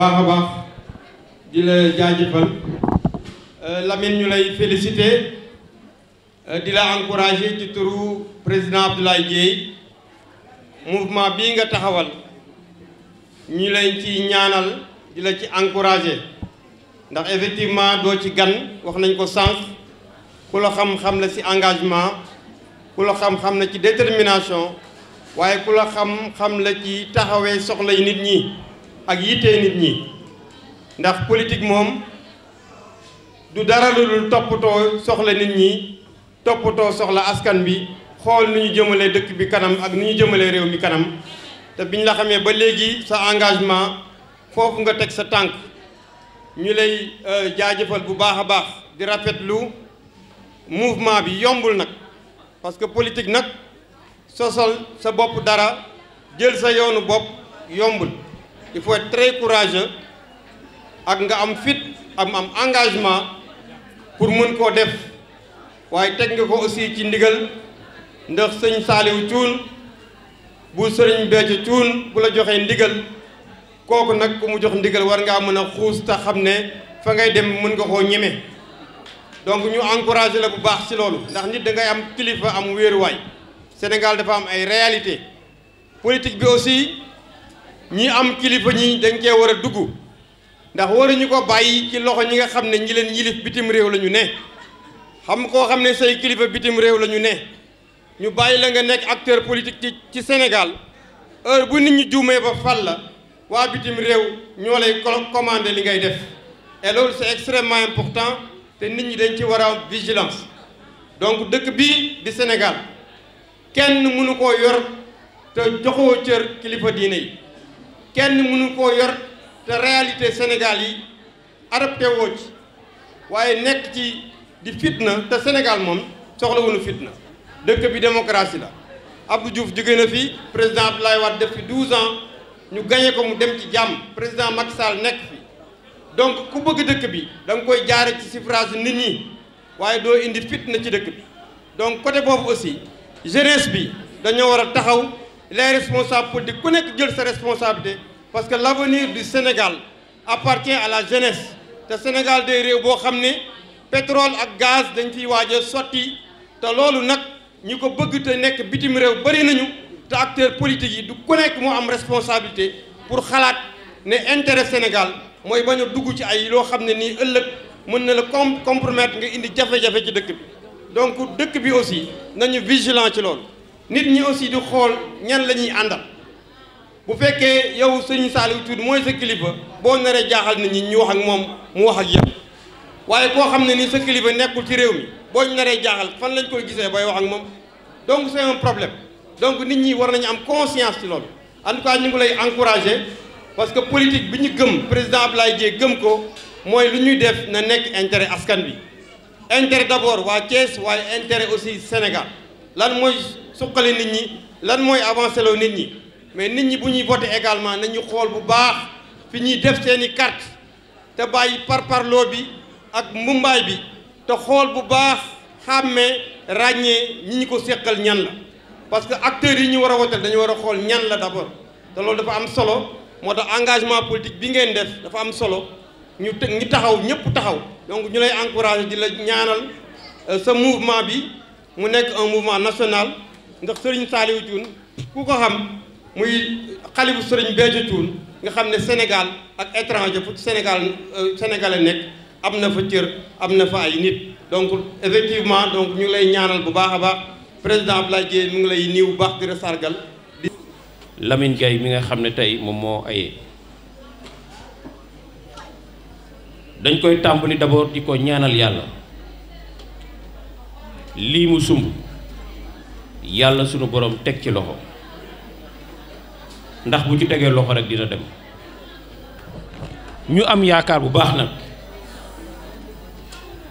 baax a baax di la jaajëfal euh, Lamine ñu lay félicité euh, di la encouragé ci turu président Abdoulaye Dièye mouvement bii nga taxawal ñu lay ci ñaanal di la ci encouragé ndax effectivement doo ci gan wax nañ ko sànq ku xam-xam la ci engagement ku la xam-xam na ci détermination waaye ku la xam-xam la ci taxawee soxla yi nit ñi ak yitte nit ñi ndax politique moom du dara lu toppatoo soxla nit ñi toppatoo soxla askan bi xool nu ñu jëmalee dëkk bi kanam ak nu ñu jëmalee réew mi kanam te biñ la xamee ba léegi sa engagement foofu nga teg sa tànk ñu lay euh, jaajëfal bu baax a baax di rafetlu mouvement bi yombul nag parce que politique nag sosal sa bopp dara jël sa yoonu bopp yombul il faut être très courageux ak nga am fit am am engagement pour mën koo def waaye teg nga ko aussi ci ndigal ndax sëñ Saaliw Cuun bu sëriñ Béthio Cuun bu la joxee ndigal kooku nag ku mu jox ndigal war ngaa mën a xuus te xam ne fa ngay dem mën nga koo ñeme donc ñu encouragé la bu baax ci loolu ndax nit da ngay am kilifa am wéeruwaay Sénégal dafa am ay réalité politique bi aussi ñi am kilifa ñi dañ cee war a dugg ndax waruñu ko bàyyi ci loxo ñi nga xam ne ñi leen yilif bitim réew la ñu ne xam koo xam ne say kilifa bitim réew la ñu ne ñu bàyyi la nga nekk acteur politique ci ci Sénégal heure bu nit ñi juumee ba fal la waa bitim réew ñoo lay commandé li ngay def et loolu c'est extrêmement important te nit ñi dañ ci war a am vigilance donc dëkk bii di Sénégal kenn mënu koo yor te joxoo cër kilifa diine yi kenn mënu koo yor te réalité Sénégal yi adapté woo ci waaye nekk ci di fitna te Sénégal moom soxla wuñu fitna dëkk bi démocratie la Abdou Diouf jóge na fi président lay Wade def fi 12 ans ñu gagné ko mu dem ci jàmm président Macky nekk fi donc ku bëgg dëkk bi da nga koy jaare ci suffrage nit ñi waaye doo indi fitna ci dëkk bi donc côté boobu aussi jeunesse bi dañoo war a taxaw les responsables politiques ku nekk jël sa responsabilité parce que l'avenir du Sénégal appartient à la jeunesse te Sénégal day réew boo xam ne pétrole ak gaz dañ ciy waaj a sotti te loolu nag ñi ko bëgg te nekk bitim réew bëri nañu te acteurs politiques yi du ku nekk moo am responsabilité pour xalaat ne intérêt Sénégal mooy bañ dugg ci ay loo xam ne nii ëllëg mën na la compromettre nga indi jafe-jafe ci dëkk bi donc dëkk bi aussi nañu vigilant ci loolu nit ñi aussi di xool ñan la ñuy àndal bu fekkee yow sëñ Saliou Thioune mooy sa kilifa boo naree jaaxal nit ñi ñu wax ak moom mu wax ak yow waaye koo xam ne ni sa kilifa nekkul ci réew mi boo ñu naree jaaxal fan lañ koy gisee bay wax ak moom donc c'est un problème donc nit ñi war nañu am conscience ci loolu en ñu ngi lay encourager parce que politique bi ñu gëm président Abdoulaye Dièye gëm ko mooy lu ñuy def na nekk intérêt askan bi intérêt d'abord waa Thiès waaye intérêt aussi Sénégal lan mooy. suqali nit ñi lan mooy avancé loo nit ñi mais nit ñi bu ñuy voté également nañu xool bu baax fi ñuy def seen i carte te bàyyi par parparloo bi ak mbumbaay bi te xool bu baax xàmmee ràññee ñi ñu ko seqal ñan la parce que acteurs yi ñu war a wotal dañu war a xool ñan la d'abord te loolu dafa am solo moo tax engagement politique bi ngeen def dafa am solo ñu ñu taxaw ñëpp taxaw donc ñu lay encourager di la ñaanal euh, sa mouvement bi mu nekk un mouvement national ndax sëriñ Saaliwu Cuun ku ko xam muy xalifu sëriñ Béthio Cuun nga xam ne Sénégal ak étranger fu Sénégal euh, sénégalais nekk am na fa cër am na fa ay nit donc effectivement donc ñu ngi lay ñaanal bu baax a baax président Abdoulaye Dièye mu ngi lay niiw baax di la sargal di Lamine Gaye mi nga xam ne tey moom moo ayee dañ koy tàmbali d'abord di ko ñaanal yàlla lii mu sumb yàlla sunu borom teg ci loxo ndax bu ci tegee loxo rek dina dem ñu am yaakaar bu baax nag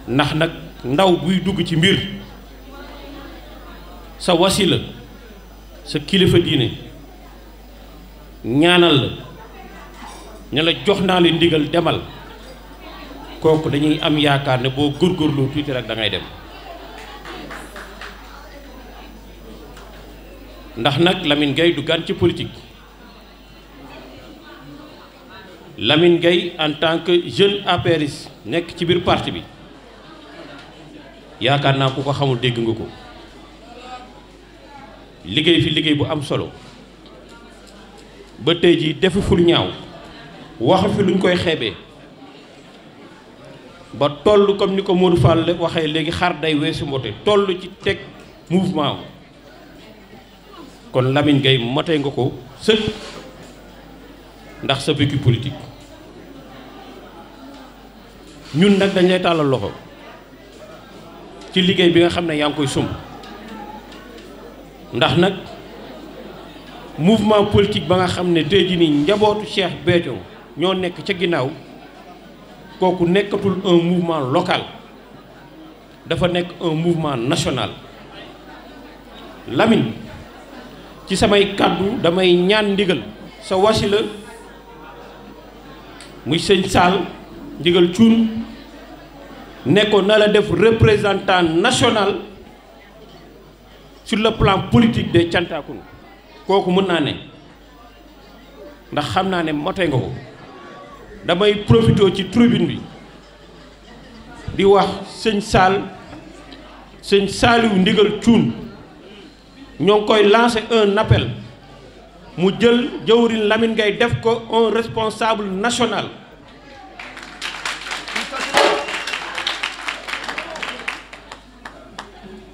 ndax nag ndaw buy dugg ci mbir sa wasila sa kilifa diine ñaanal la ne la jox naa la ndigal demal kooku dañuy am yaakaar ne boo góorgóorloo tuuti rek da ngay dem ndax nag Lamine gay du gan ci politique Lamine gay en tant que jeune apériste nekk ci biir parti bi yaakaar naa ku ko xamul dégg nga ko liggéey fi liggéey bu am solo ba tey jii defu ful ñaaw waxu fi luñ koy xeebee ba toll comme ni ko Modou waxee léegi xar day weesu mbote toll ci teg mouvement kon Lamine Gueye motee nga ko sëkk ndax sa vécu politique ñun nag dañ lay tàllal loxo ci liggéey bi nga xam ne yaa ngi koy sumb ndax nag mouvement politique ba nga xam ne tey jii nii njabootu Cheikh Béthio ñoo nekk ca ginnaaw kooku nekkatul un mouvement local dafa nekk un mouvement national Lamine ci samay kàddu damay ñaan ndigal sa wasila muy sëñ Sall ndigal cuun ne ko na la def représentant national sur le plan politique des Thiantakoun kooku mën naa ne ndax xam naa ne mote nga ko damay profité ci tribune bi di wax sëñ Sall sëñ Saliou ndigal cuun ñoo ngi koy lancer un appel mu jël jëwriñ Lamine ngay def ko un responsable national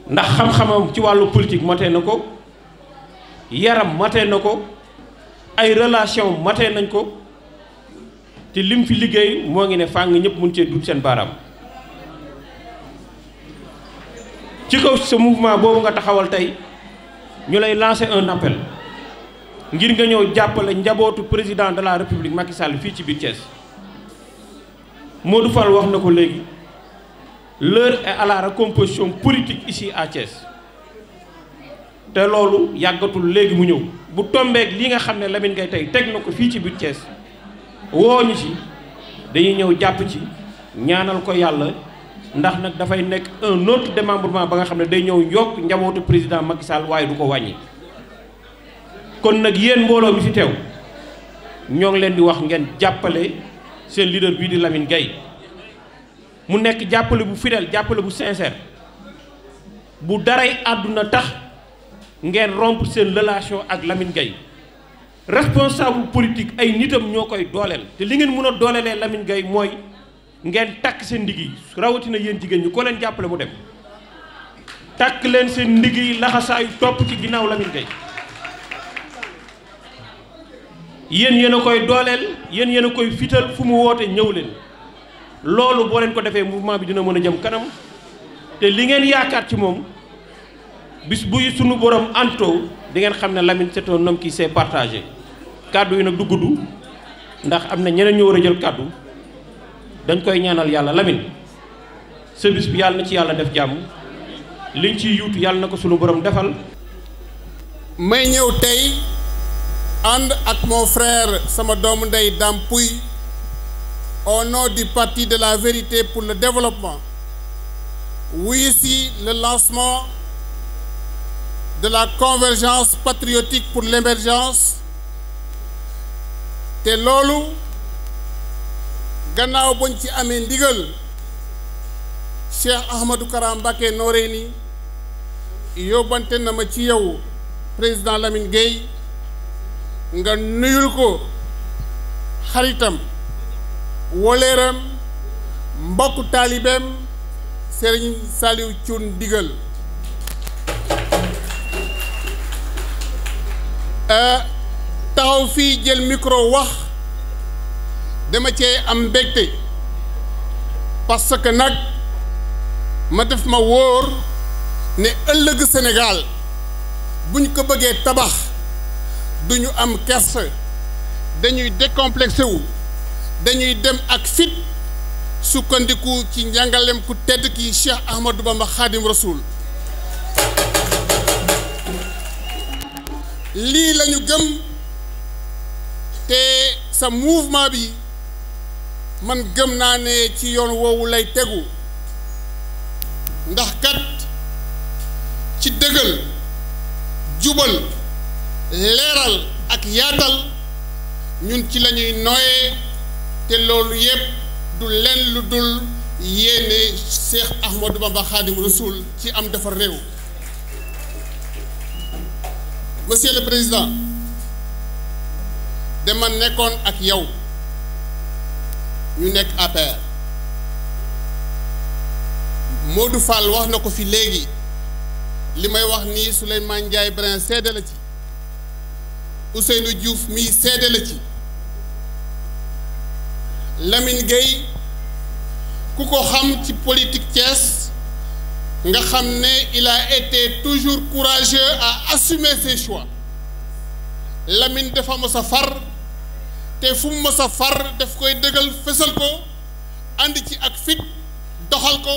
ndax xam-xamam ci wàllu politique matee na ko yaram matee na ko ay relation matee nañ ko te lim fi liggéey moo ngi ne fàng ñëpp mun cee dut seen baaraam ci kaw sa mouvement boobu nga taxawal tey ñu lay lancé un nappel ngir nga ñëw jàppale njabootu président de la république Macky Sall fii ci biir Thiès Modou Fall wax na ko léegi l'heure est à la recomposition politique ici à Thiès te loolu yàggatul léegi mu ñëw bu tombeek li nga xam ne Lamine Gueye tey teg na ko fii ci biir Thiès woo ñu ci dañuy ñëw jàpp ci ñaanal ko yàlla ndax nag dafay nekk un autre démembrement ba nga xam ne day ñëw yokk njamootu président Macky Sall waaye du ko wàññi kon nag yéen mbooloo mi ci teew ñoo ngi leen di wax ngeen jàppale seen leader bii di Lamine gay mu nekk jàppale bu fidèle jàppale bu sincère bu daray àdduna tax ngeen rompre seen relation ak Lamine Gueye responsable politique ay nitam ñoo koy dooleel te li ngeen mën a dooleelee Lamine gay mooy ngeen takk seen ndigg yi rawatina yéen jigéen ñi ko leen jàppale mu dem takk leen seen ndigg yi laxasaayu topp ci ginnaaw Lamine Gueye yéen yéen a koy dooleel yéen yéen a koy fital fu mu woote ñëw leen loolu boo leen ko defee mouvement bi dina mën a jëm kanam te li ngeen yaakaar ci moom bis buy sunu borom antoo di ngeen xam ne Lamine c'est un homme qui sait partager kàddu yi nag du gudd ndax am na ñeneen ñu war a jël kàddu dañ koy ñaanal yàlla Lamine sa bi yàlla na ci yàlla def jàmm liñ ciy yuutu yàlla na ko sunu borom defal. may ñëw tey ànd ak mon frère sama doomu ndey Dame Pouy au nom du parti de la vérité pour le développement wuyu si le lancement de la convergence patriotique pour l'émergence te loolu. gannaaw bañ ci amee ndigal Cheikh Ahmadou Kara Mbacké Noreyni yóbbante na ma ci yow président Lamine Gueye nga nuyul ko xaritam woleeram mbokku taalibeem Serigne Saliou Thioune Digal euh, taxaw fii jël micro wax dama cee am mbégte parce que nag ma def ma wóor ne ëllëg bu buñ ko bëggee tabax duñu am kersa dañuy décomplexé wu dañuy dem ak fit sukkandiku ci njàngalem ku tedd ki Cheikh Ahmadou Bamba Khadim Rasoul lii lañu gëm te sa mouvement bi man gëm naa ne ci yoon woowu lay tegu ndax kat ci dëggal jubal leeral ak yaatal ñun ci lañuy nooyee te loolu yépp du leen lu dul yéene Cheikh Ahmadou Bamba Khadim Rasoul ci am defar réew monsieur le président dama nekkoon ak yow ñu nekk APR Modou Fall wax na ko fi léegi li may wax nii Souleymane Ndiaye Brin seede la ci Ousseynou Diouf mii seede la ci Lamine Gueye ku ko xam ci politique Thiès nga xam ne il a été toujours courageux à assumer ses choix Lamine dafa mos far te fu mu mës a far daf koy dëggal fësal ko ànd ci ak fit doxal ko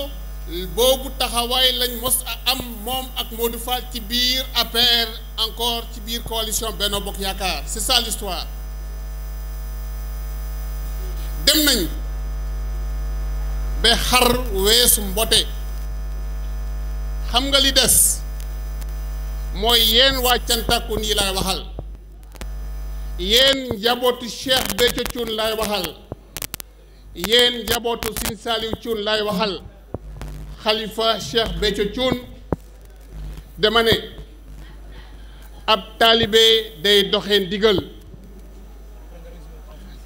boobu taxawaay lañ mos a am moom ak Modou ci biir APR encore ci biir coalition benn Bokk Yaakaar c'est ça dem nañ ba xar weesu mbote xam nga li des mooy yéen waa cantakun yi lay waxal yenn njabootu Cheikh Béthio Thioune lay waxal yéen njabootu Sine Saliou Thioune lay waxal xalifa Cheikh Béthio Thioune dama ne ab taalibe day doxee ndigal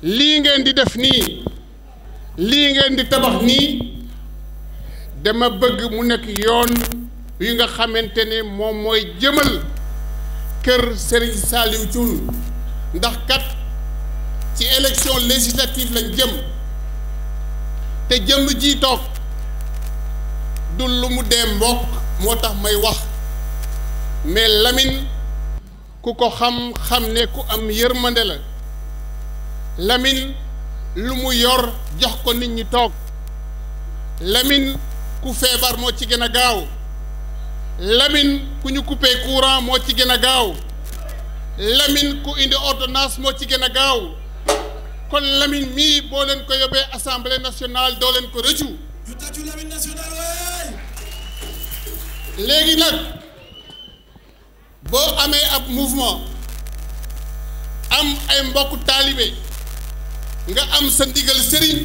lii ngeen di def nii lii ngeen di tabax nii dama bëgg mu nekk yoon wi nga xamante ne moom mooy jëmal kër Serigne Saliou Thioune ndax kat ci élection législative lañ jëm te jëm ji toog du lu mu dee mbokk moo tax may wax mais lamin ku ko xam xam ne ku am yërmande la lamin lu mu yor jox ko nit ñi toog lamin ku feebar moo ci gën a gaaw lamin ku ñu coupé courant moo ci gën a gaaw Lamine ku indi ordonnance moo ci gën a gaaw kon Lamine mii boo leen ko yóbbee assemblée nationale doo leen ko rëccu. ñu tàccu Lamine léegi nag boo amee ab mouvement am ay mbokk taalibe nga am sa ndigal sëriñ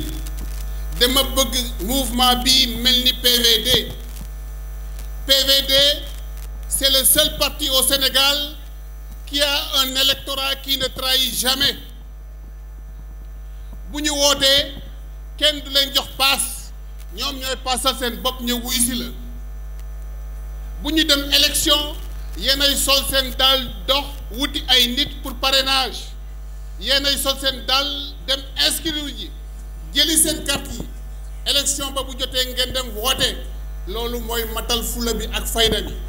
dama bëgg mouvement bii mel ni PVD PVD c'est le seul parti au Sénégal. qui a un électorat kii ne trahit jamais bu ñu wootee kenn du leen jox paas ñoom ñooy paasal seen bopp ñëw wuy si la bu ñu dem élection yennay sol seen daal dox wuti ay nit pour parenage yéenay sol seen daal dem inscrire yi jëli seen carte yi élection ba bu jotee ngeen dem woote loolu mooy matal fula bi ak fayda bi